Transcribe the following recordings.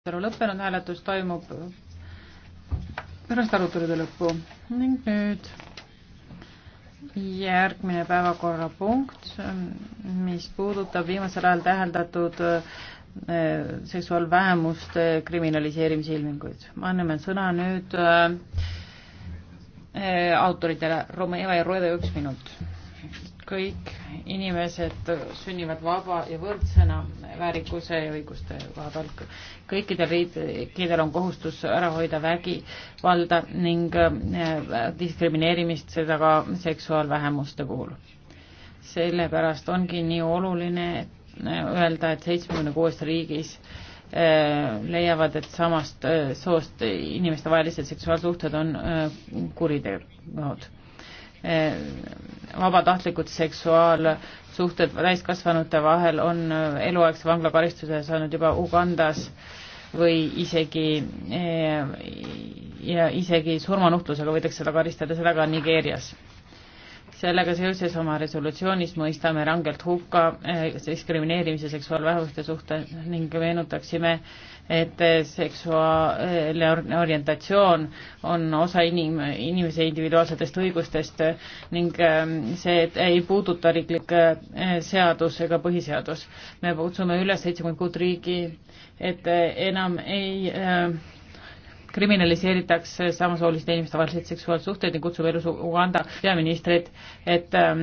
arutelu lõppenud, hääletus toimub pärast arutelude lõppu ning nüüd järgmine päevakorrapunkt, mis puudutab viimasel ajal täheldatud äh, seksuaalvähemuste kriminaliseerimise ilminguid. ma annan sõna nüüd äh, äh, autoritele, Romeva ja Rueda üks minut kõik inimesed sünnivad vaba ja võrdsena väärikuse ja õiguste vaadal. kõikidel riikidel on kohustus ära hoida vägivalda ning äh, diskrimineerimist, seda ka seksuaalvähemuste puhul. sellepärast ongi nii oluline äh, öelda, et seitsmekümne kuues riigis äh, leiavad, et samast soost inimestevahelised seksuaalsuhted on kuriteod Eh, vabatahtlikud seksuaalsuhted täiskasvanute vahel on eh, eluaegse vanglakaristuse saanud juba Ugandas või isegi eh, ja isegi surmanuhtlusega võidakse seda karistada, seda ka Nigeerias sellega seoses oma resolutsioonis mõistame rangelt hukka eh, diskrimineerimise seksuaalvähemuste suhte ning meenutaksime, et seksuaalne orientatsioon on osa inim-, inimese individuaalsetest õigustest ning ehm, see ei puuduta riiklik eh, seadus ega põhiseadus. me kutsume üles seitsekümmend kuut riigi, et eh, enam ei äh, kriminaliseeritakse samasooliste inimeste vahelised seksuaalsuhted ja kutsub elus Uganda peaministrit, et ähm,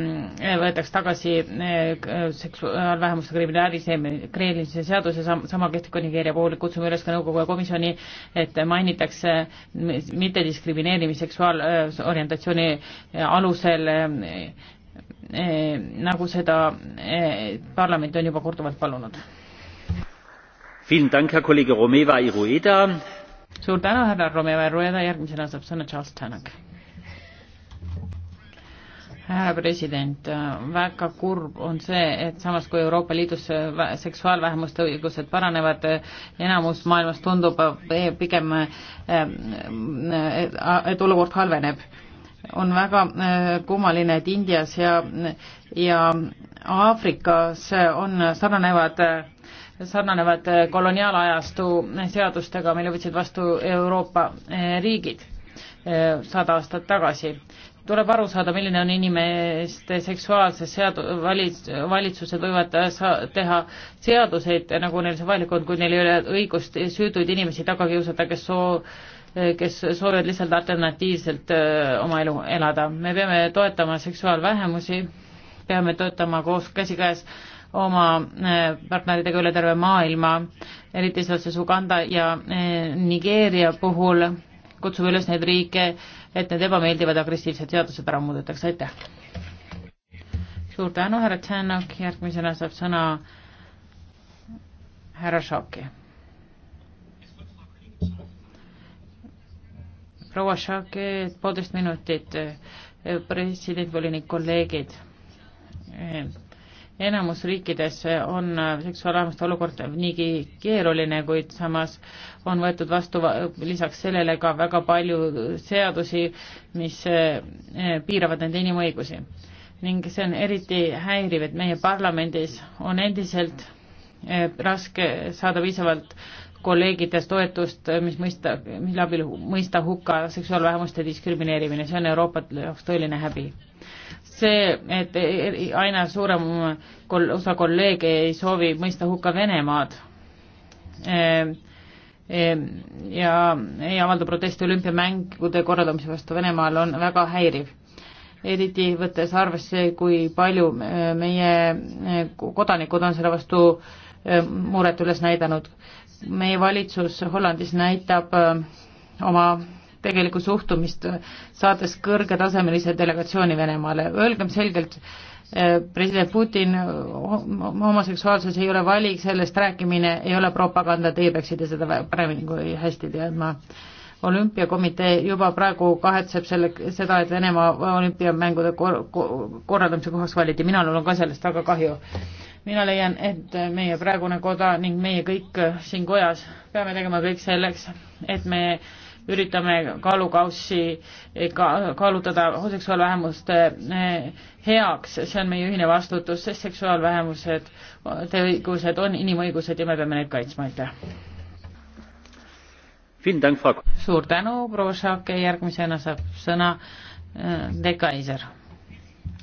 võetaks tagasi äh, seksuaalvähemuste kriminaliseerimise seaduse, sama kehtib ka Nigeeria puhul, kutsume üles ka nõukogu ja komisjoni, et mainitakse mittediskrimineerimist seksuaalorientatsiooni äh, alusel äh, äh, nagu seda äh, parlament on juba korduvalt palunud. Vielen Dank, Herr Kollege Romeva Irueda suur tänu, härra Romeo Rueda, järgmisena saab sõna Charles Tannock. härra president, väga kurb on see, et samas kui Euroopa Liidus seksuaalvähemuste õigused paranevad, enamus maailmas tundub eh, pigem, ehm, eh, et olukord halveneb on väga eh, kummaline, et Indias ja, ja Aafrikas on sarnanevad sarnanevad eh, koloniaalajastu seadustega, mille võtsid vastu Euroopa eh, riigid eh, sada aastat tagasi. tuleb aru saada, milline on inimeste seksuaalse seadu-, valits-, valitsused võivad sa-, teha seaduseid, nagu neil see vajalik on, kui neil ei ole õigust süütuid inimesi taga kiusata, kes soo-, kes soovivad lihtsalt alternatiivselt oma elu elada. me peame toetama seksuaalvähemusi, peame töötama koos käsikäes äh, oma äh, partneritega üle terve maailma, eriti seoses Uganda ja äh, Nigeeria puhul kutsume üles neid riike, et need ebameeldivad agressiivsed seadused ära muudetakse, aitäh! suur tänu, härra Tšernok, järgmisena saab sõna härra Šoki. proua Šoki, poolteist minutit, president, volinik, kolleegid enamus riikides on seksuaalvähemuste olukord niigi keeruline, kuid samas on võetud vastu lisaks sellele ka väga palju seadusi, mis eh, piiravad nende inimõigusi. ning see on eriti häiriv, et meie parlamendis on endiselt eh, raske saada piisavalt kolleegides toetust, mis mõista, mille abil mõista hukka seksuaalvähemuste diskrimineerimine, see on Euroopa jaoks tõeline häbi see, et e, e, aina suurem osa kolleege ei soovi mõista hukka Venemaad e, ja ei avalda protesti olümpiamängude korraldamise vastu Venemaal, on väga häiriv. eriti võttes arvesse, kui palju meie kodanikud on selle vastu muret üles näidanud. meie valitsus Hollandis näitab oma tegelikku suhtumist, saates kõrgetasemelise delegatsiooni Venemaale, öelgem selgelt, eh, president Putin, homoseksuaalsus ei ole valik, sellest rääkimine ei ole propaganda, teie peaksite seda paremini kui hästi teadma. olümpiakomitee juba praegu kahetseb selle, seda, et Venemaa olümpiamängude kor-, korraldamise kohaks valiti, minul on ka sellest väga kahju. mina leian, et meie praegune koda ning meie kõik siin kojas peame tegema kõik selleks, et me üritame kaalukaussi ka, kaalutada seksuaalvähemuste eh, heaks, see on meie ühine vastutus, sest seksuaalvähemused, õigused on inimõigused ja me peame neid kaitsma, aitäh. suur tänu, proua Šake, järgmisena saab sõna eh, De Kaiser.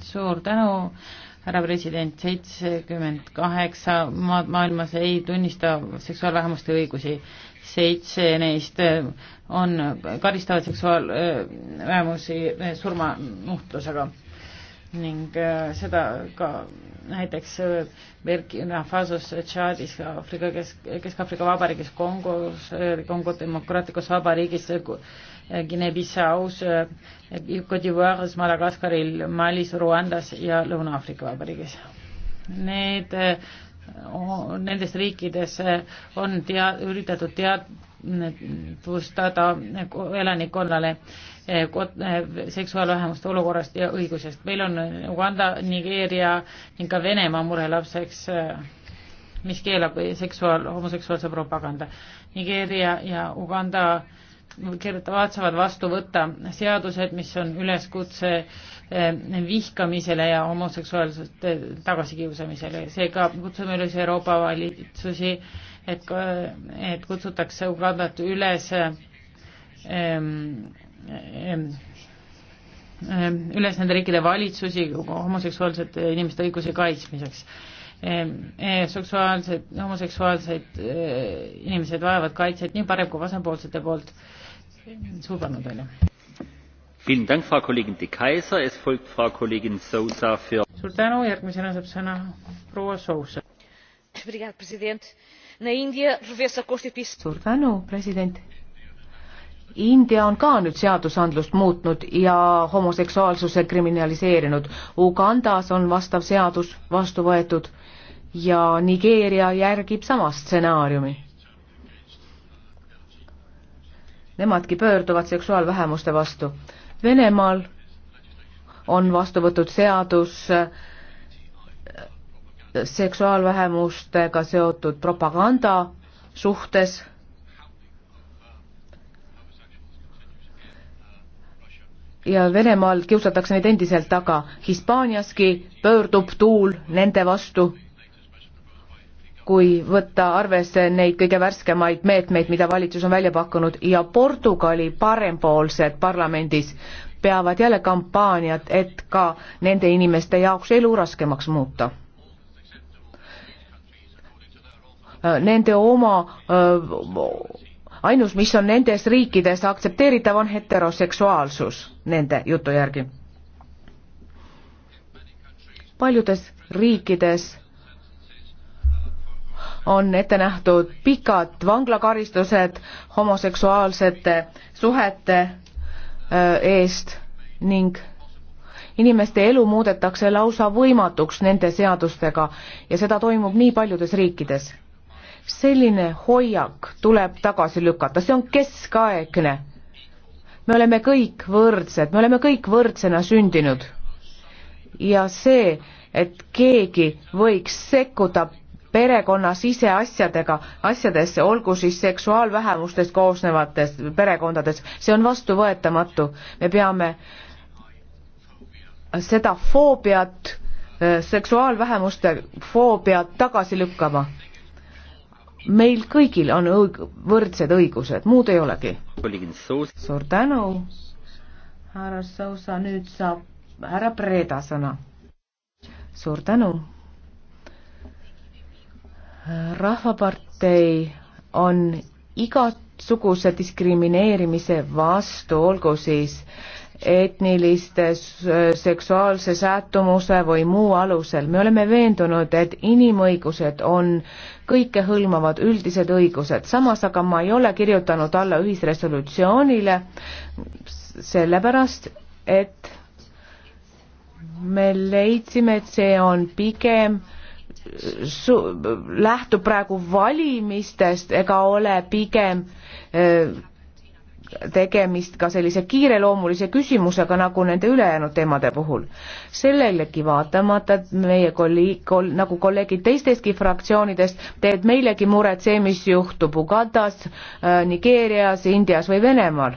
suur tänu härra president, seitsekümmend kaheksa maad maailmas ei tunnista seksuaalvähemuste õigusi seitse neist äh, on, karistavad seksuaalvähemusi äh, äh, surmanuhtlusega ning seda ka näiteks Burkina Fasos, Tšaadis, Aafrika Kesk, Kesk-Aafrika Vabariigis, Kongos, Kongo Demokraatlikus Vabariigis, Guinea-Bissaus, Côte d'Ivoire'is, Madagaskaril, Malis, Rwandas ja Lõuna-Aafrika Vabariigis. Need äh, nendes riikides on tea-, üritatud teadvustada elanikkonnale seksuaalvähemuste olukorrast ja õigusest. meil on Uganda, Nigeeria ning ka Venemaa murelapseks, mis keelab seksuaal, homoseksuaalse propaganda. Nigeeria ja Uganda kavatsevad vastu võtta seadused, mis on üleskutse eh, vihkamisele ja homoseksuaalsust tagasikiusamisele. seega kutsume üles Euroopa valitsusi, et, et kutsutakse Ugandat üles ehm, ehm, ehm, üles nende riikide valitsusi homoseksuaalsete inimeste õiguse kaitsmiseks eh, seksuaalsed, homoseksuaalsed eh, inimesed vajavad kaitset nii parem kui vasempoolsete poolt suur tänu teile! suur tänu, järgmisena saab sõna proua Sousa. suur tänu, president. India on ka nüüd seadusandlust muutnud ja homoseksuaalsuse kriminaliseerinud. Ugandas on vastav seadus vastu võetud ja Nigeeria järgib sama stsenaariumi nemadki pöörduvad seksuaalvähemuste vastu. Venemaal on vastu võtud seadus äh, seksuaalvähemustega seotud propaganda suhtes. ja Venemaal kiusatakse neid endiselt taga. Hispaaniaski pöördub tuul nende vastu kui võtta arvesse neid kõige värskemaid meetmeid, mida valitsus on välja pakkunud ja Portugali parempoolsed parlamendis peavad jälle kampaaniat, et ka nende inimeste jaoks elu raskemaks muuta. Nende oma, ainus, mis on nendes riikides aktsepteeritav, on heteroseksuaalsus nende jutu järgi. paljudes riikides on ette nähtud pikad vanglakaristused homoseksuaalsete suhete eest ning inimeste elu muudetakse lausa võimatuks nende seadustega ja seda toimub nii paljudes riikides. selline hoiak tuleb tagasi lükata, see on keskaegne. me oleme kõik võrdsed, me oleme kõik võrdsena sündinud. ja see, et keegi võiks sekkuda perekonna siseasjadega, asjadesse, olgu siis seksuaalvähemustest koosnevates perekondades, see on vastuvõetamatu. me peame seda foobiat, äh, seksuaalvähemuste foobiat tagasi lükkama. meil kõigil on õig-, võrdsed õigused, muud ei olegi. suur tänu, härra Sousa, nüüd saab härra Preda sõna. suur tänu rahvapartei on igasuguse diskrimineerimise vastu, olgu siis etniliste, seksuaalse sättumuse või muu alusel. me oleme veendunud, et inimõigused on kõikehõlmavad üldised õigused, samas aga ma ei ole kirjutanud alla ühisresolutsioonile sellepärast, et me leidsime, et see on pigem äh, su-, lähtub praegu valimistest ega ole pigem eh, tegemist ka sellise kiireloomulise küsimusega, nagu nende ülejäänud teemade puhul. sellelegi vaatamata meie kolleeg, kol-, nagu kolleegid teistestki fraktsioonidest, teeb meilegi muret see, mis juhtub Ugandas, äh, Nigeerias, Indias või Venemaal.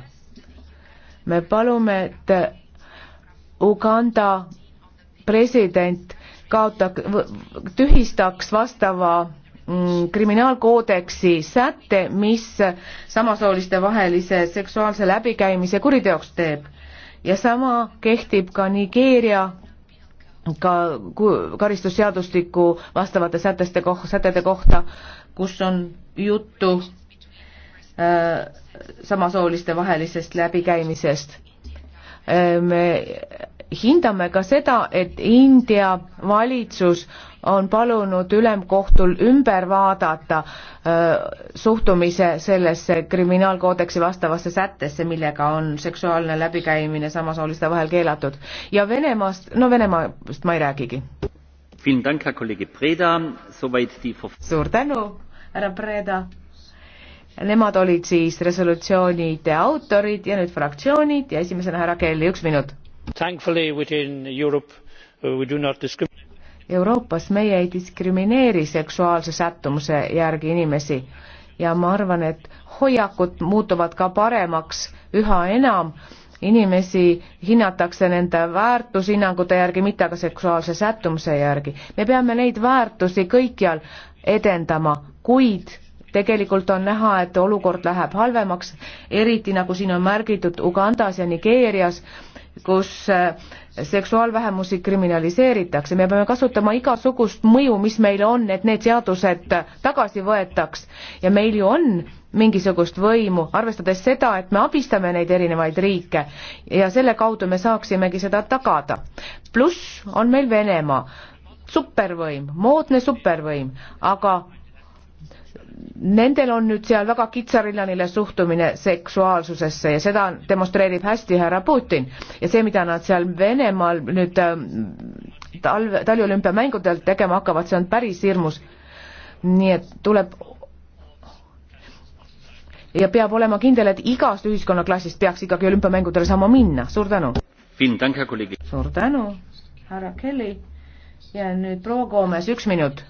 me palume, et Uganda president kaotak-, tühistaks vastava mm, kriminaalkoodeksi säte, mis samasooliste vahelise seksuaalse läbikäimise kuriteoks teeb. ja sama kehtib ka Nigeeria ka karistusseadustiku vastavate säteste koh-, sätete kohta, kus on juttu äh, samasooliste vahelisest läbikäimisest äh,. me hindame ka seda, et India valitsus on palunud ülemkohtul ümber vaadata öö, suhtumise sellesse kriminaalkoodeksi vastavasse sättesse, millega on seksuaalne läbikäimine samasooliste vahel keelatud. ja Venemaast, no Venemaast ma ei räägigi. suur tänu, härra Preda. Nemad olid siis resolutsioonide autorid ja nüüd fraktsioonid ja esimesena härra Kelly, üks minut thankfully within europe uh, we do not discriminate. Euroopas meie ei diskrimineeri seksuaalse sättumuse järgi inimesi ja ma arvan, et hoiakud muutuvad ka paremaks üha enam. inimesi hinnatakse nende väärtushinnangute järgi, mitte aga seksuaalse sättumuse järgi. me peame neid väärtusi kõikjal edendama, kuid tegelikult on näha, et olukord läheb halvemaks, eriti nagu siin on märgitud Ugandas ja Nigeerias kus eh, seksuaalvähemusi kriminaliseeritakse, me peame kasutama igasugust mõju, mis meil on, et need seadused tagasi võetaks ja meil ju on mingisugust võimu, arvestades seda, et me abistame neid erinevaid riike ja selle kaudu me saaksimegi seda tagada. pluss on meil Venemaa, supervõim, moodne supervõim, aga Nendel on nüüd seal väga kitsarillaneline suhtumine seksuaalsusesse ja seda demonstreerib hästi härra Putin ja see, mida nad seal Venemaal nüüd ähm, talve, taliolümpiamängudel tegema hakkavad, see on päris hirmus. nii et tuleb ja peab olema kindel, et igast ühiskonnaklassist peaks ikkagi olümpiamängudele saama minna, suur tänu. suur tänu, härra Kelly ja nüüd proua Koomes, üks minut.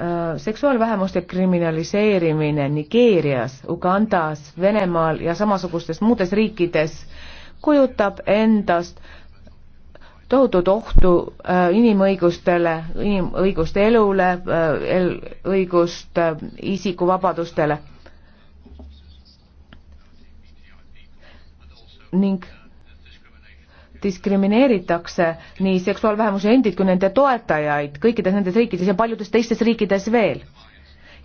Äh, seksuaalvähemuste kriminaliseerimine Nigeerias, Ugandas, Venemaal ja samasugustes muudes riikides kujutab endast tohutut ohtu äh, inimõigustele, inimõiguste elule, äh, õigust isikuvabadustele. ning diskrimineeritakse nii seksuaalvähemuse endid kui nende toetajaid kõikides nendes riikides ja paljudes teistes riikides veel.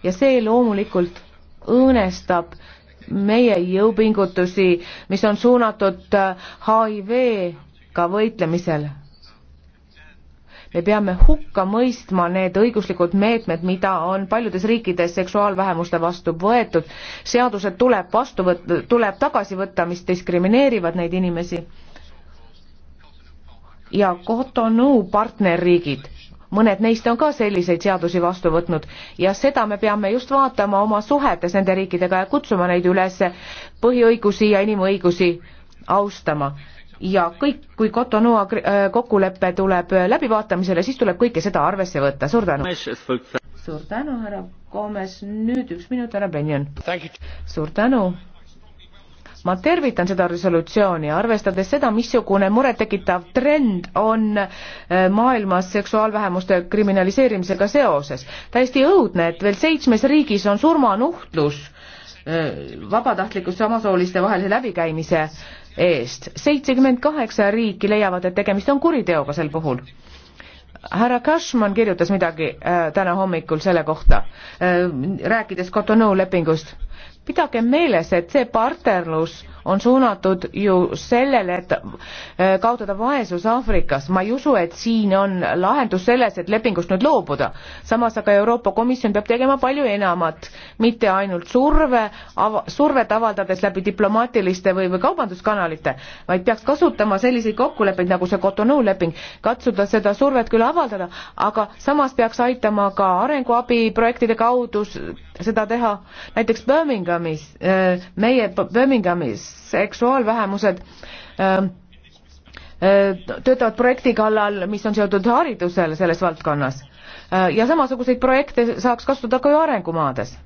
ja see loomulikult õõnestab meie jõupingutusi, mis on suunatud HIV-ga võitlemisel. me peame hukka mõistma need õiguslikud meetmed, mida on paljudes riikides seksuaalvähemuste vastu võetud. seadused tuleb vastu võtta, tuleb tagasi võtta, mis diskrimineerivad neid inimesi ja Cotonou partnerriigid, mõned neist on ka selliseid seadusi vastu võtnud ja seda me peame just vaatama oma suhetes nende riikidega ja kutsuma neid üles põhiõigusi ja inimõigusi austama. ja kõik, kui Cotonou äh, kokkulepe tuleb äh, läbivaatamisele, siis tuleb kõike seda arvesse võtta, suur tänu. suur tänu, härra Gomes, nüüd üks minut, härra Benjon. suur tänu ma tervitan seda resolutsiooni, arvestades seda, missugune murettekitav trend on äh, maailmas seksuaalvähemuste kriminaliseerimisega seoses. täiesti õudne, et veel seitsmes riigis on surmanuhtlus äh, vabatahtlikus samasooliste vahelise läbikäimise eest. seitsekümmend kaheksa riiki leiavad, et tegemist on kuriteoga sel puhul härra Cashman kirjutas midagi äh, täna hommikul selle kohta äh,, rääkides Cotonou lepingust. pidage meeles, et see partnerlus on suunatud ju sellele, et äh, kaotada vaesus Aafrikas. ma ei usu, et siin on lahendus selles, et lepingust nüüd loobuda. samas aga Euroopa Komisjon peab tegema palju enamat, mitte ainult surve av, survet avaldades läbi diplomaatiliste või, või kaubanduskanalite, vaid peaks kasutama selliseid kokkuleppeid, nagu see Cotonou leping, katsuda seda survet küll avaldada, aga samas peaks aitama ka arenguabiprojektide kaudu seda teha, näiteks Birminghamis, äh, meie Birminghamis seksuaalvähemused ähm, äh, töötavad projekti kallal, mis on seotud haridusele selles valdkonnas. Äh, ja samasuguseid projekte saaks kasutada ka ju arengumaades.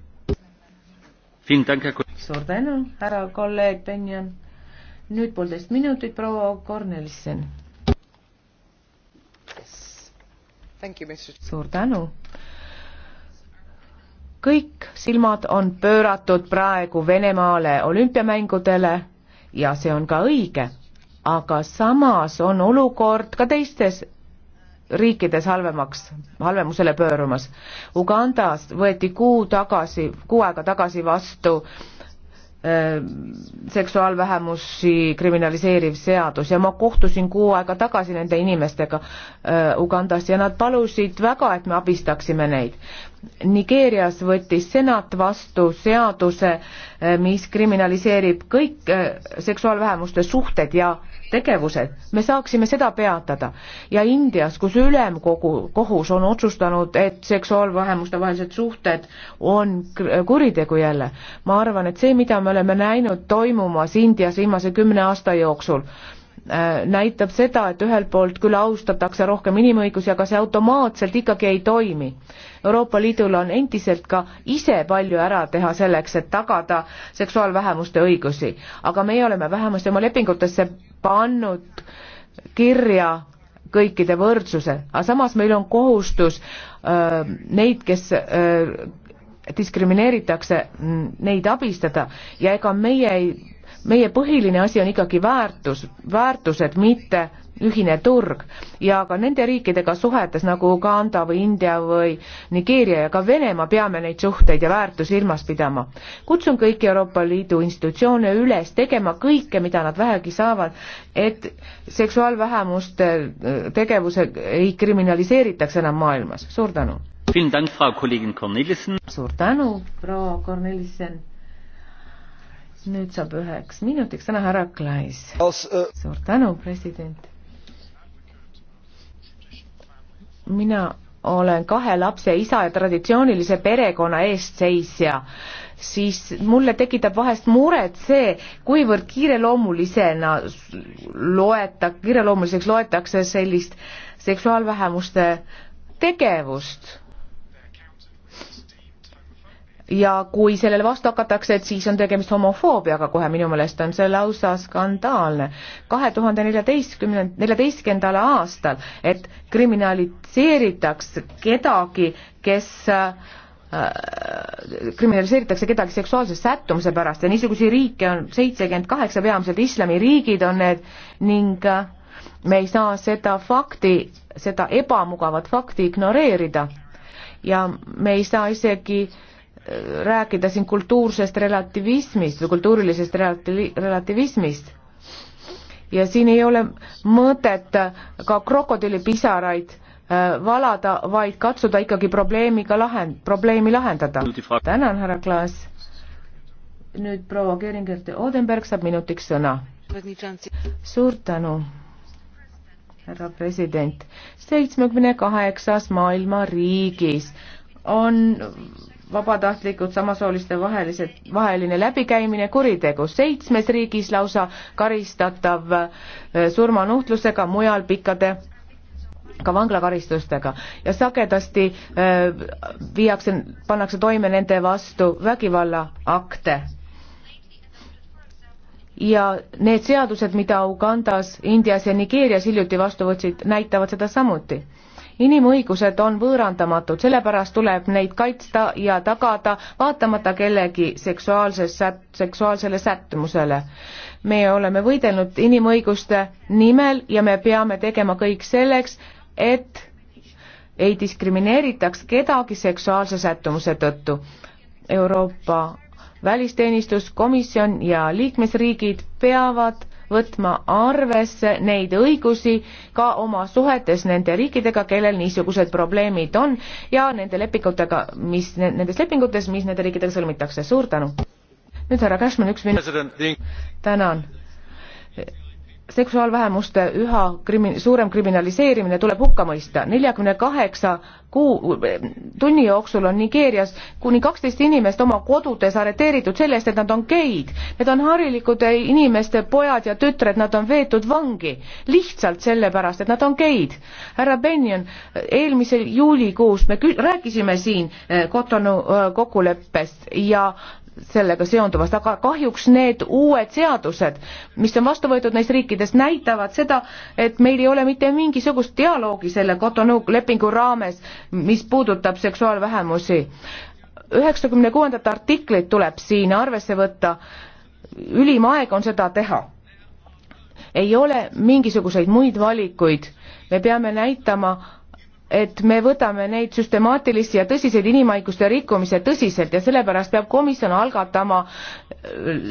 suur tänu, härra kolleeg Benjan. nüüd poolteist minutit, proua Kornelissen yes.. suur tänu kõik silmad on pööratud praegu Venemaale olümpiamängudele ja see on ka õige, aga samas on olukord ka teistes riikides halvemaks, halvemusele pöörumas. Ugandas võeti kuu tagasi, kuu aega tagasi vastu Äh, seksuaalvähemusi kriminaliseeriv seadus ja ma kohtusin kuu aega tagasi nende inimestega äh, Ugandas ja nad palusid väga, et me abistaksime neid. Nigeerias võttis senat vastu seaduse, äh, mis kriminaliseerib kõik seksuaalvähemuste suhted ja tegevused, me saaksime seda peatada. ja Indias, kus ülemkogu, kohus on otsustanud, et seksuaalvähemuste vahelised suhted on kuritegu jälle, ma arvan, et see, mida me oleme näinud toimumas Indias viimase kümne aasta jooksul, Äh, näitab seda, et ühelt poolt küll austatakse rohkem inimõigusi, aga see automaatselt ikkagi ei toimi. Euroopa Liidul on endiselt ka ise palju ära teha selleks, et tagada seksuaalvähemuste õigusi, aga meie oleme vähemasti oma lepingutesse pannud kirja kõikide võrdsuse, aga samas meil on kohustus öö, äh, neid, kes öö, äh, diskrimineeritakse, mm, neid abistada ja ega meie ei meie põhiline asi on ikkagi väärtus, väärtused, mitte ühine turg ja ka nende riikidega suhetes nagu Uganda või India või Nigeeria ja ka Venemaa peame neid suhteid ja väärtusi silmas pidama. kutsun kõiki Euroopa Liidu institutsioone üles tegema kõike, mida nad vähegi saavad, et seksuaalvähemuste äh, tegevuse ei kriminaliseeritaks enam maailmas. suur tänu! suur tänu, proua Kornelissen! nüüd saab üheks minutiks sõna härra Klais. Äh, suur tänu, president. mina olen kahe lapse isa ja traditsioonilise perekonna eestseisja, siis mulle tekitab vahest muret see, kuivõrd kiireloomulisena loeta, kiireloomuliseks loetakse sellist seksuaalvähemuste tegevust ja kui sellele vastu hakatakse, et siis on tegemist homofoobiaga kohe, minu meelest on see lausa skandaalne. kahe tuhande neljateistkümne, neljateistkümnendal aastal, et kriminaliseeritaks kedagi, kes äh, kriminaliseeritakse kedagi seksuaalse sättumuse pärast ja niisuguseid riike on seitsekümmend kaheksa, peamiselt islamiriigid on need ning äh, me ei saa seda fakti, seda ebamugavat fakti ignoreerida. ja me ei saa isegi äh, rääkida siin kultuursest relativismist või kultuurilisest relati-, relativismist. ja siin ei ole mõtet ka krokodillipisaraid äh, valada, vaid katsuda ikkagi probleemiga lahend-, probleemi lahendada. tänan, härra Klaas. nüüd proua Keringert Odenberg saab minutiks sõna. suur tänu härra president. seitsmekümne kaheksas maailma riigis on vabatahtlikult samasooliste vahelised, vaheline läbikäimine kuritegu, seitsmes riigis lausa karistatav eh, surmanuhtlusega, mujal pikkade ka vanglakaristustega ja sagedasti öö, eh, viiakse, pannakse toime nende vastu vägivallaakte ja need seadused, mida Ugandas, Indias ja Nigeerias hiljuti vastu võtsid, näitavad seda samuti inimõigused on võõrandamatud, sellepärast tuleb neid kaitsta ja tagada, vaatamata kellegi seksuaalses sät-, seksuaalsele sättumusele. me oleme võidelnud inimõiguste nimel ja me peame tegema kõik selleks, et ei diskrimineeritaks kedagi seksuaalse sättumuse tõttu. Euroopa välisteenistus, komisjon ja liikmesriigid peavad võtma arvesse neid õigusi ka oma suhetes nende riikidega, kellel niisugused probleemid on ja nende lepingutega, mis nendes lepingutes, mis nende riikidega sõlmitakse. suur tänu. nüüd härra Cashman, üks minut. tänan seksuaalvähemuste üha krimi-, suurem kriminaliseerimine tuleb hukka mõista. neljakümne kaheksa kuu, tunni jooksul on Nigeerias kuni kaksteist inimest oma kodudes arreteeritud selle eest, et nad on geid. Need on harilikud inimeste pojad ja tütred, nad on veetud vangi lihtsalt sellepärast, et nad on geid. härra Benjon, eelmisel juulikuus me kü-, rääkisime siin Kotonu eh, eh, kokkuleppest ja sellega seonduvast, aga kahjuks need uued seadused, mis on vastu võetud neis riikides, näitavad seda, et meil ei ole mitte mingisugust dialoogi selle Cotonou lepingu raames, mis puudutab seksuaalvähemusi. üheksakümne kuuendat artiklit tuleb siin arvesse võtta, ülim aeg on seda teha. ei ole mingisuguseid muid valikuid, me peame näitama et me võtame neid süstemaatilisi ja tõsiseid inimõiguste rikkumise tõsiselt ja sellepärast peab komisjon algatama äh,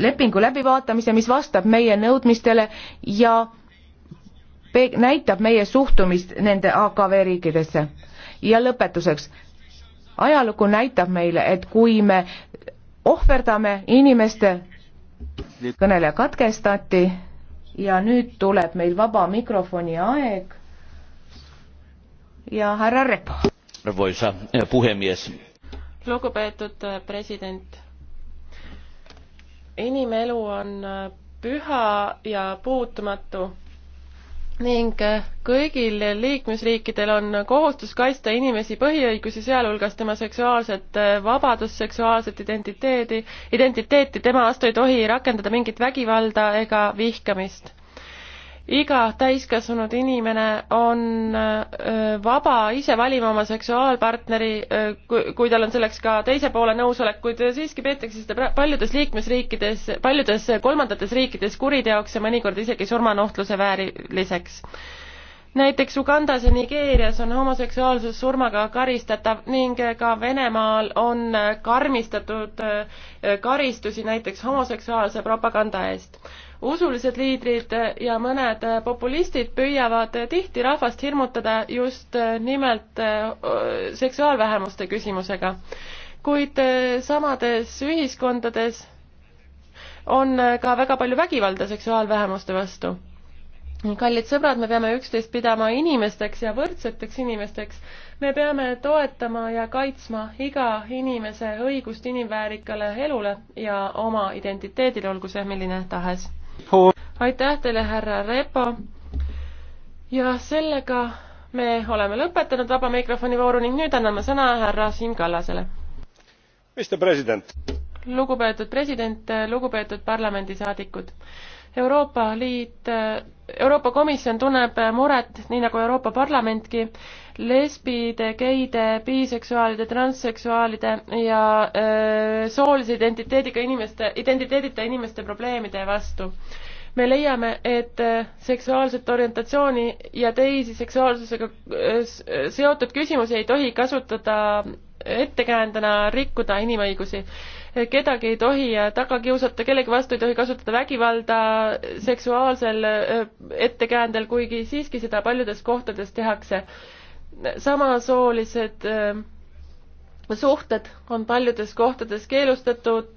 lepingu läbivaatamise, mis vastab meie nõudmistele ja näitab meie suhtumist nende AKV riikidesse. ja lõpetuseks, ajalugu näitab meile, et kui me ohverdame inimeste, kõneleja katkestati ja nüüd tuleb meil vaba mikrofoni aeg ja härra Repo. arvoisa eh, puhemies. lugupeetud eh, president. inimelu on eh, püha ja puutumatu ning kõigil liikmesriikidel on kohustus kaitsta inimesi põhiõigusi, sealhulgas tema seksuaalset vabadust, seksuaalset identiteedi, identiteeti, tema vastu ei tohi rakendada mingit vägivalda ega vihkamist iga täiskasvanud inimene on vaba ise valima oma seksuaalpartneri, kui tal on selleks ka teise poole nõusolek, kuid siiski peetakse seda paljudes liikmesriikides, paljudes kolmandates riikides kuriteoks ja mõnikord isegi surmanuhtluse vääriliseks näiteks Ugandas ja Nigeerias on homoseksuaalsus surmaga karistatav ning ka Venemaal on karmistatud äh, karistusi näiteks homoseksuaalse propaganda eest. usulised liidrid ja mõned äh, populistid püüavad tihti rahvast hirmutada just äh, nimelt seksuaalvähemuste küsimusega. kuid samades ühiskondades on ka väga palju vägivalda seksuaalvähemuste vastu kallid sõbrad, me peame üksteist pidama inimesteks ja võrdseteks inimesteks. me peame toetama ja kaitsma iga inimese õigust inimväärikale elule ja oma identiteedile, olgu see milline tahes. aitäh teile, härra Repo. ja sellega me oleme lõpetanud vaba mikrofoni vooru ning nüüd anname sõna härra Siim Kallasele. Mr President lugupeetud president, lugupeetud parlamendisaadikud. Euroopa Liit, Euroopa Komisjon tunneb muret, nii nagu Euroopa Parlamentki, lesbide, geide, biseksuaalide, transseksuaalide ja öö, soolise identiteediga inimeste, identiteedita inimeste probleemide vastu me leiame, et seksuaalset orientatsiooni ja teisi seksuaalsusega seotud küsimusi ei tohi kasutada ettekäändena rikkuda inimõigusi kedagi ei tohi äh, taga kiusata, kellegi vastu ei tohi kasutada vägivalda äh, seksuaalsel äh, ettekäändel, kuigi siiski seda paljudes kohtades tehakse. samasoolised suhted on paljudes kohtades keelustatud,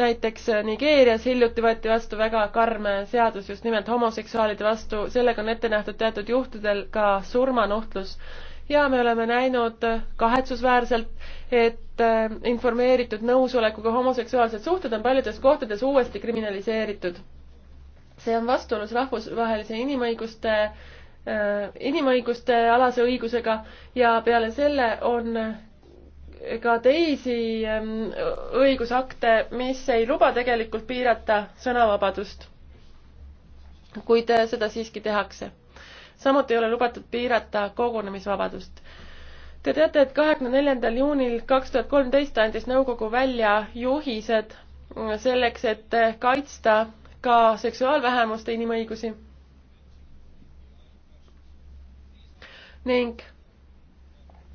näiteks Nigeerias hiljuti võeti vastu väga karm seadus just nimelt homoseksuaalide vastu, sellega on ette nähtud teatud juhtudel ka surmanuhtlus ja me oleme näinud kahetsusväärselt, et äh, informeeritud nõusolekuga homoseksuaalsed suhted on paljudes kohtades uuesti kriminaliseeritud. see on vastuolus rahvusvahelise inimõiguste äh, inimõiguste alase õigusega ja peale selle on ka teisi ähm, õigusakte, mis ei luba tegelikult piirata sõnavabadust, kuid äh, seda siiski tehakse samuti ei ole lubatud piirata kogunemisvabadust. Te teate, et kahekümne neljandal juunil kaks tuhat kolmteist andis nõukogu välja juhised selleks, et kaitsta ka seksuaalvähemuste inimõigusi. ning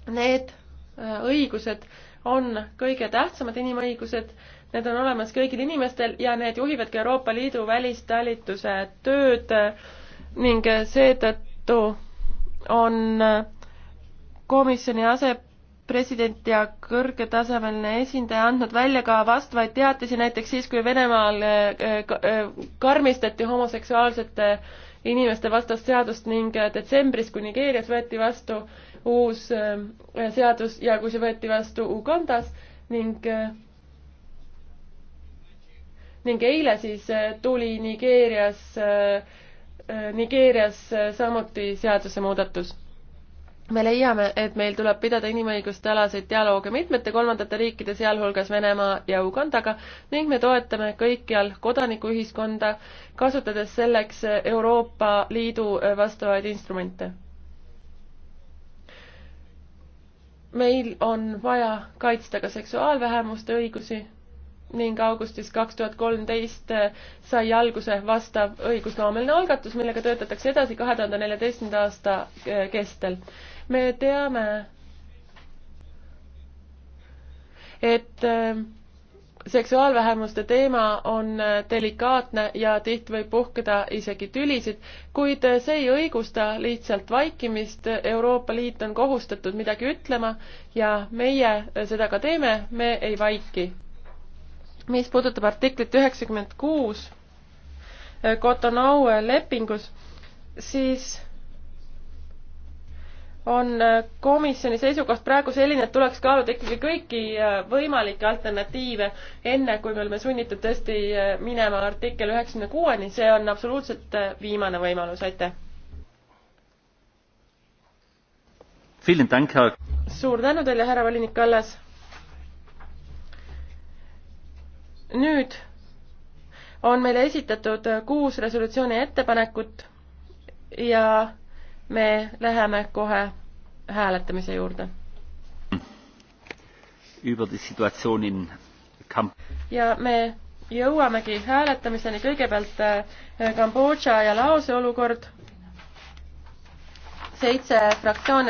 need äh, õigused on kõige tähtsamad inimõigused, need on olemas kõigil inimestel ja need juhivadki Euroopa Liidu välistalituse tööd ning seetõttu seetõttu on komisjoni asepresident ja kõrgetasemeline esindaja andnud välja ka vastavaid teatisi, näiteks siis, kui Venemaal äh, äh, karmistati homoseksuaalsete inimeste vastast seadust ning detsembris, kui Nigeerias võeti vastu uus äh, seadus ja kui see võeti vastu Ugandas ning ning eile siis tuli Nigeerias äh, Äh, Nigeerias äh, samuti seadusemuudatus me leiame, et meil tuleb pidada inimõiguste alaseid dialoogi mitmete kolmandate riikide, sealhulgas Venemaa ja Ugandaga ning me toetame kõikjal kodanikuühiskonda, kasutades selleks Euroopa Liidu äh, vastavaid instrumente. meil on vaja kaitsta ka seksuaalvähemuste õigusi ning augustis kaks tuhat kolmteist äh, sai alguse vastav õigusloomeline algatus, millega töötatakse edasi kahe tuhande neljateistkümnenda aasta äh, kestel. me teame, et äh, seksuaalvähemuste teema on delikaatne ja tihti võib puhkeda isegi tülisid, kuid see ei õigusta lihtsalt vaikimist. Euroopa Liit on kohustatud midagi ütlema ja meie seda ka teeme, me ei vaiki mis puudutab artiklit üheksakümmend kuus eh, Cotonou eh, lepingus, siis on eh, komisjoni seisukoht praegu selline, et tuleks kaaluda ikkagi kõiki võimalikke alternatiive, enne kui me oleme sunnitud tõesti minema artikkel üheksakümne kuueni, see on absoluutselt viimane võimalus, aitäh. suur tänu teile, härra volinik Kallas nüüd on meile esitatud kuus resolutsiooni ettepanekut ja me läheme kohe hääletamise juurde. ja me jõuamegi hääletamiseni kõigepealt äh, Kambodža ja Laose olukord. seitse fraktsiooni on